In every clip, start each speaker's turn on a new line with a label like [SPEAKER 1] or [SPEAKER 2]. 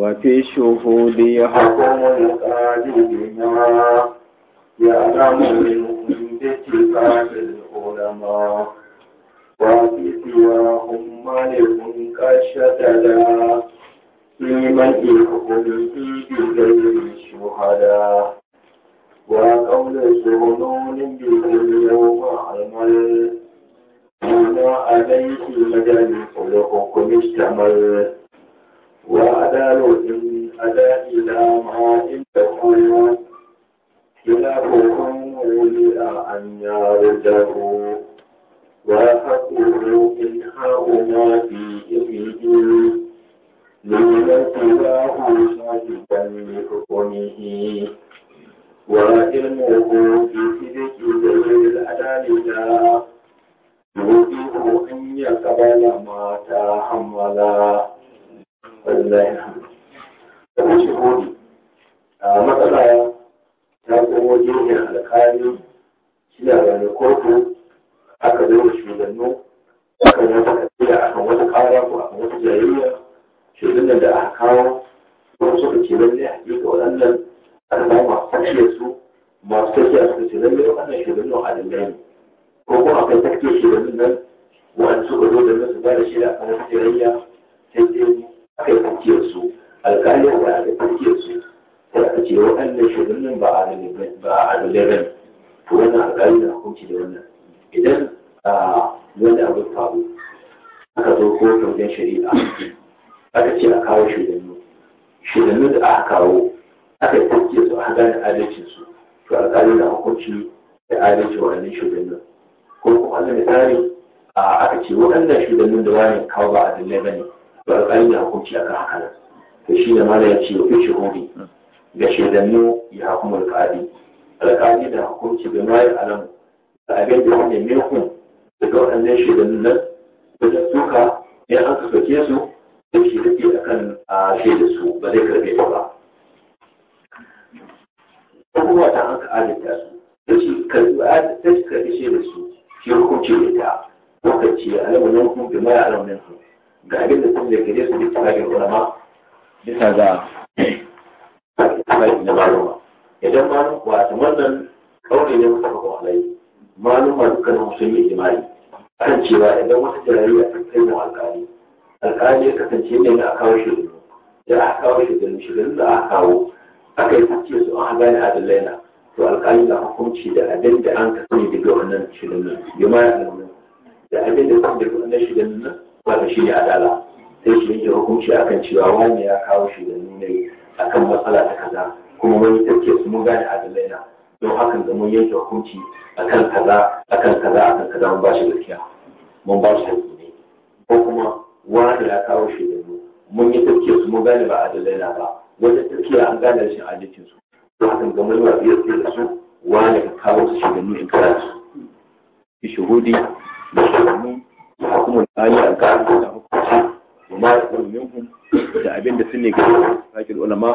[SPEAKER 1] وفي الشهود يحكم القاضي بها يعلم من باتفاق العلماء وفي سواهم ملك كالشتلا لمن يحكم في بغير الشهداء وقول سنون بكل يوم عمل الممنوع عليه المجال خلق مشتمل وأدال من أداء إلى ما عنده خلافكم ولي أن يرده ما في علمه لمن اتباه شاهدا لحكمه وعلمه في صدق ذوي الأدال يريد أن يقبل ما تحمل والله يرحمه alƙali da hukunci da wannan idan wanda abu faru aka zo ko don shari'a aka ce a kawo shugabannin, shugabannin da aka kawo aka yi tafke su a gane adalcin su to a alƙali da hukunci da adalci waɗannan shugabannin, ko kuma wanda misali aka ce waɗannan shugabannin da wani kawo ba adalai ba ne to a alƙali da hukunci akan haka nan to shi da mala ya ce wa fi shuhuri ga shugabannin ya hukumar ƙadi alƙali da hukunci da ma yi alamu da abin da wani mai ku daga waɗannan shaidannin nan wajen suka ya an ka soke su da shi da a kan a da su ba zai karbe ta ba. Abubuwa ta an ka adalta su da shi karbe da su shi hukunci da ta lokaci alamu na hukun da ma yi alamu nan ga abin da sun zai gare su da tsarin ulama bisa ga tsarin na malama. idan ma ta wannan kauri ne kuma ga alai ma dukkanin musulmi imani kan cewa idan wata jariya ta kai da alƙali alƙali ya kasance ne na kawo shi da aka kawo da shirin da aka kawo aka yi fice su an gane adalai na to alƙali na hukunci da abin da an ka sani daga wannan shirin nan ya ma ya da abin da kuma daga wannan shirin nan wanda shi ne adala sai shi yake hukunci akan cewa wani ya kawo shi shirin ne akan matsala ta kaza kuma mun tafiya su mun gane adalai na don hakan da mun yanke hukunci a kan kaza kan kaza kan kaza mun ba shi gaskiya mun ba shi haƙƙi ne ko kuma wani ya kawo shi da mu mun yi tafiya su mun gane ba adalai na ba wani tafiya an gane rashin jikin su don hakan da mun yi biyar da su wani ka kawo su mu in kara su ki shuhudi da shugabannu da hukumar da ayi a ga'ar da hukunci da ma'a da abin da sun ne ga faƙil ulama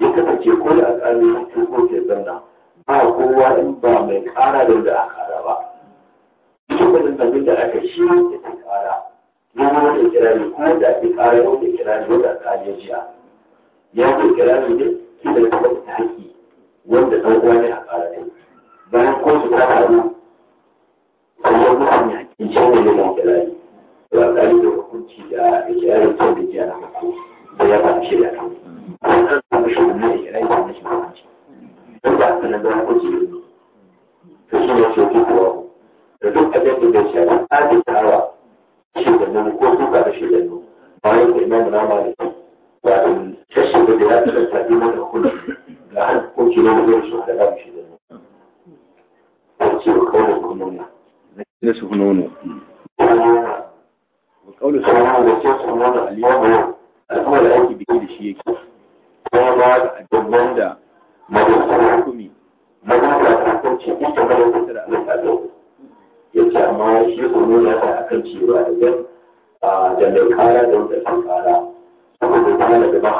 [SPEAKER 1] ya kasance ko da alƙali sun ko ke zanna ba kowa in ba mai ƙara da wanda aka ƙara ba duk wani abin da aka shi ya ta ƙara ya ma wanda kira ne kuma da ake ƙara ya wanda kira ne wanda alƙali ya jiya ya wanda kira ne ne ki da kuma ta haƙƙi wanda ɗan uwa ne a ƙara ne bayan ko su ta faru kuma mutane haƙƙin can ne ne kira ne to alƙali da hukunci da ake kira cikin da jiya na hukunci da ya ba shi da kan na su nono wa kaulu su nono ce su aliyu al'amar ake biki da shi yake a dabban da hukumi magana ta kan ce ita ba da kusa da alaƙa ya ce amma shi su nono ya a kan cewa idan da mai kara da wanda ta kara saboda ta da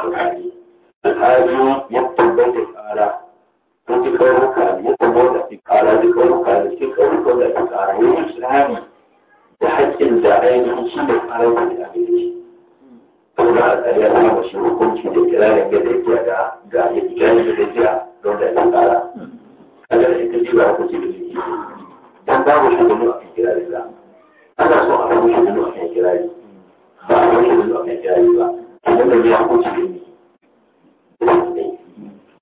[SPEAKER 1] kara वो जो करो कर ये तो बहुत अच्छी कार है जो करो कर इसके करो बहुत अच्छी कार है ये इस्लाम بحيث ان دعائنا نصبر على وجه الامريكي فولا يا الله وشروكم في الكلام كده كده قاعد يتكلم كده دون الاستعاره هذا التجربه وكتب لي كان ده مش من في كلام الله انا صار مش من في كلام ما مش من في كلام الله انا اللي يحكي لي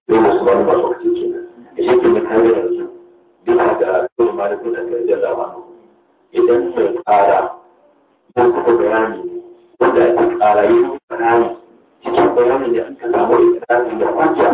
[SPEAKER 1] لما سبحان الله وقتي yake da kayan su bisa ga kuma malikun da ke da lawa idan mai kara ko kuma bayani wanda ake kara yi bayani cikin bayani da aka samu ikirari da kwanciyar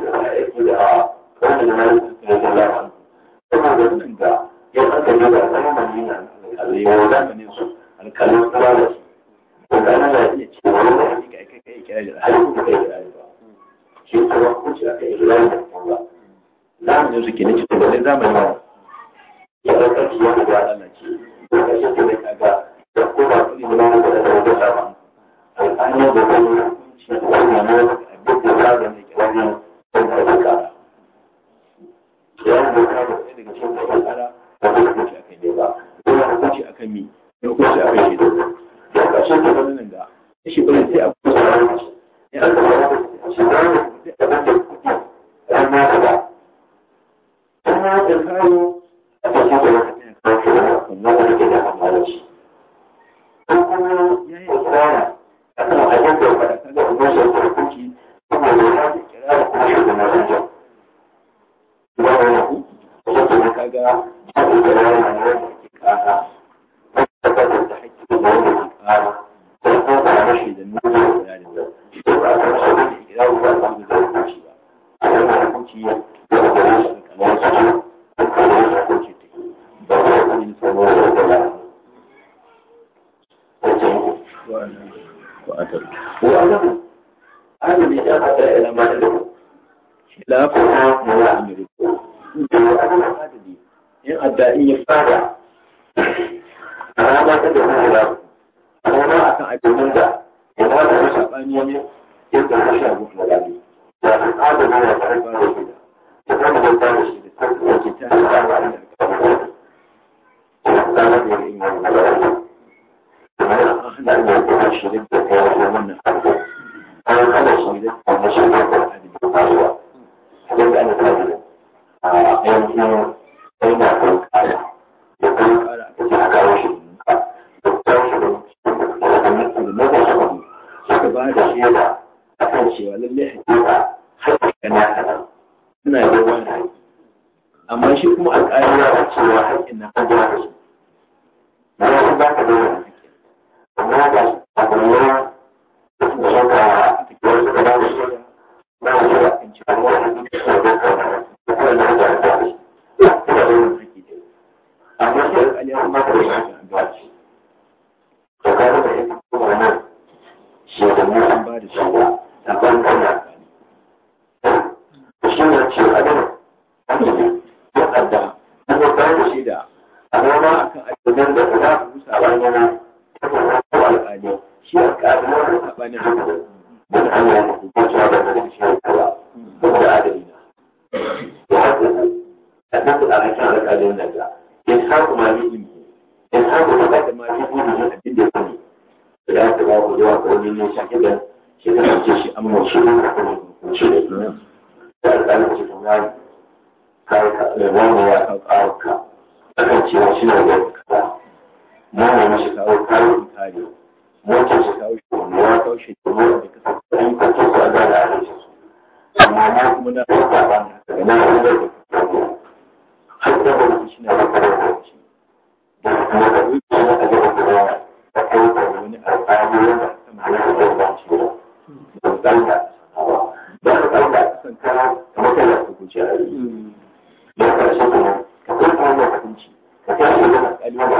[SPEAKER 1] da za a aiki da saboda mutum da ya aka yi da zamani na alƙalin su da su alƙalin da ya ce ya yi ba shi yi da zamanin su ke cikin ya shi ya da da shi ne cikin sadaka ya rubuta da daga cikin sadaka ba zai hukunci akan ne ba ko ya mi shi da ƙarshen ta nan da shi ba sai a abin da ya zama sabani ne yadda ya sha gudu da gani da su kada ne ya fara ba da shi da da kuma da ba da shi da kuma da ta shi da ba da da da in yau da da da da shi da da ya zo wannan an kada shi da kuma shi da da da da da da ana a yanzu sai na kan kara ya kan ta a kawo shi ba da shaida a kan cewa lallai hakika hakika na kaza suna da wani haƙi amma shi kuma ƙari ya ce cewa haƙin na an ba shi na wasu ba ka da wani haƙi amma shi a gaba da shaka a cikin wasu ba da ba da shaida kan cewa wani haƙi da shaida ba da kawai na da ba shi ba da wani haƙi amma shi alƙali ya shi ba da shaida an ba shi da shi da ban shi ne ce abin wanda ya kawo ka akan ce wasu na da kaza mu ne mashi kawo kawo kare mota shi kawo shi wani ya kawo shi da mota da kasa ɗan kasa ce a da al'adun su amma na kuma na kawo ba na ka na da har da ba shi na da kawo shi da kuma da wuce na kawo da kawo da kawo da wani wanda kama na kawo da shi ba da zanga ba da kawo da ya karshe kenan ka kai ka hanyar hukunci ka kai shi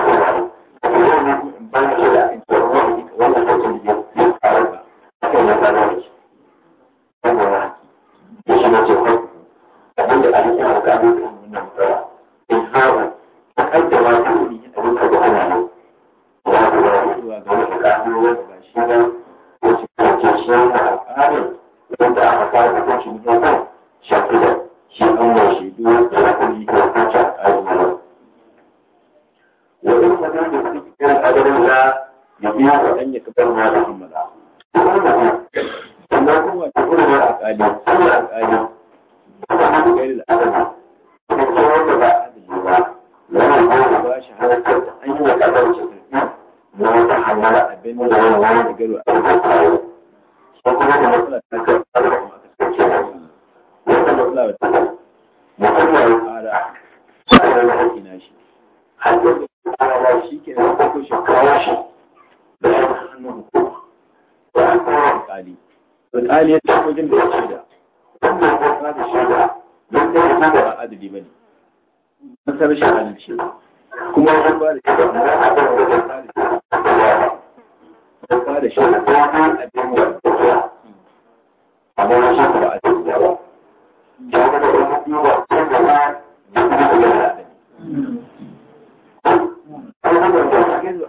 [SPEAKER 1] dan ya kafa na da mala amma kuma ta kuma da alƙali alƙali gairi da alƙali ba kuma halatta ta hanyar kasance na wata hanyar abin da ya wani garo a cikin ko kuma da matsala ta da kuma aka sace wata matsala ta kai da ya fara shi ne na haƙi na da shi ke nan ko shi kawo alƙali alƙali ya ce wajen da ya shaida wanda ya ba da shaida don da ya shaida ba adali ba ne an sanar shi adalci kuma an ba da a amma an ba da shi an ba da shaida a biyan wa amma ya shaida ba adali ba ya ga da wani biyu ba can da ba ya kuma da adali. An haɗa da wani yanzu a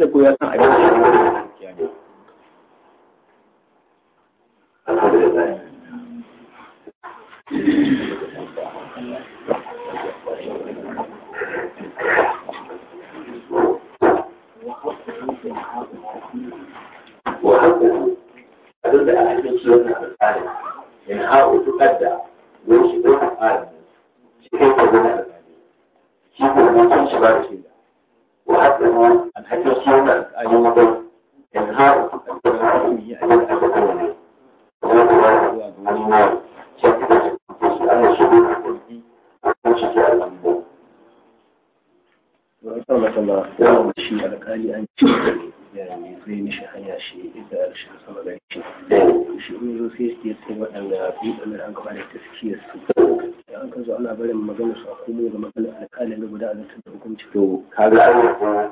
[SPEAKER 1] da koya san abin da ya Allah kuma shi alƙali an ce ya mai zai mishi hanya shi da alshin sama gari shi shi in zo sai ya ce waɗanda bidan an gaba da taskiyar su an ka zo ana barin magana su a komo ga alƙali na guda a zartar da hukunci to ka ga an ko a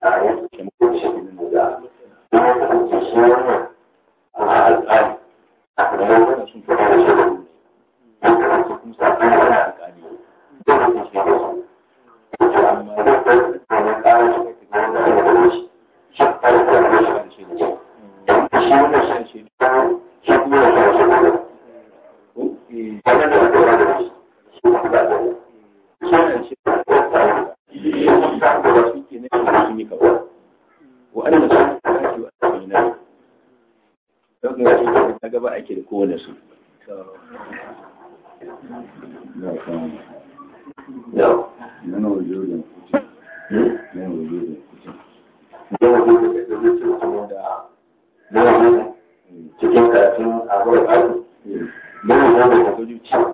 [SPEAKER 1] da kuma shi wannan a alƙali a kuma sun fara da shi da kuma sa kuma alƙali da hukunci da su amma kayan shi kake ganin da ne shi kan shi ne shi shi ta gaba ake da kowane su lokacin a gurbin mun yi wani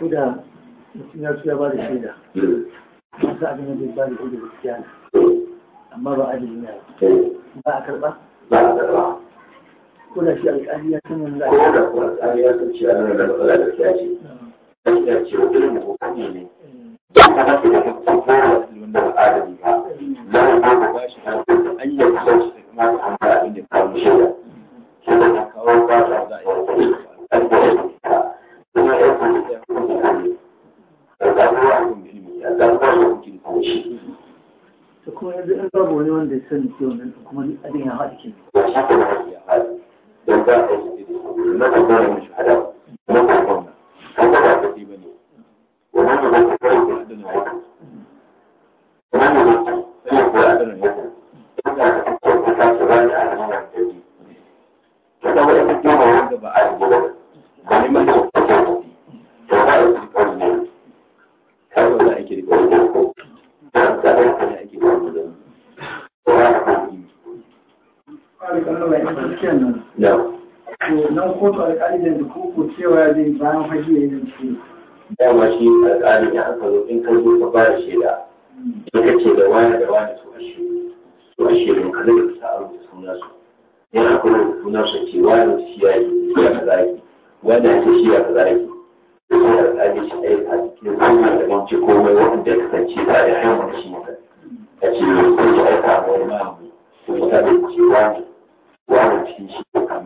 [SPEAKER 1] ko da mutum ya ya ba da shaida masu abin da ba da shaida gaskiya ne amma ba adalin ya ba a karɓa ba a karɓa ko da shi alƙali ya san wani da alƙali ya san cewa nan da matsala gaskiya ce gaskiya ce wa irin hukumi ne ba a ba da mutum ko da adalin kuma abin ya haɗa ke don za a yi su na shahada na ba wannan da ba ya wannan ko ya ba a kotu alƙali da ko cewa zai bayan fage ya yi dama shi alƙalin ya aka zo in ka zo ka ba shaida in ka ce da wani da wani su ashe su ashe ne ka zai sa a rubuta suna su yana kuma rubuta suna su ce wani shi ya yi shi ya ka zaki wani ya ce shi ya ka zaki ko alƙali shi ɗaya a cikin kuma da ban ce komai wanda ya kasance ba da hanyar shi ne ka ce ko ki aika a wani ma kuma ki ta ci wani wani cikin shi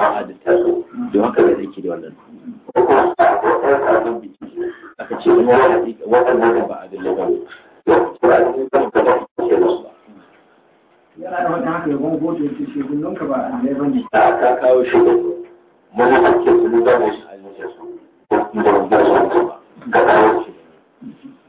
[SPEAKER 1] a littafi don haka da aiki da wannan aka ce wani hakika ba a galle ba yana ce shegunan ba a ba ne a ka kawo shi mun hakika su ne da a ba ka